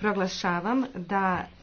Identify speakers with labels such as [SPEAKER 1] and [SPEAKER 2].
[SPEAKER 1] proglašavam da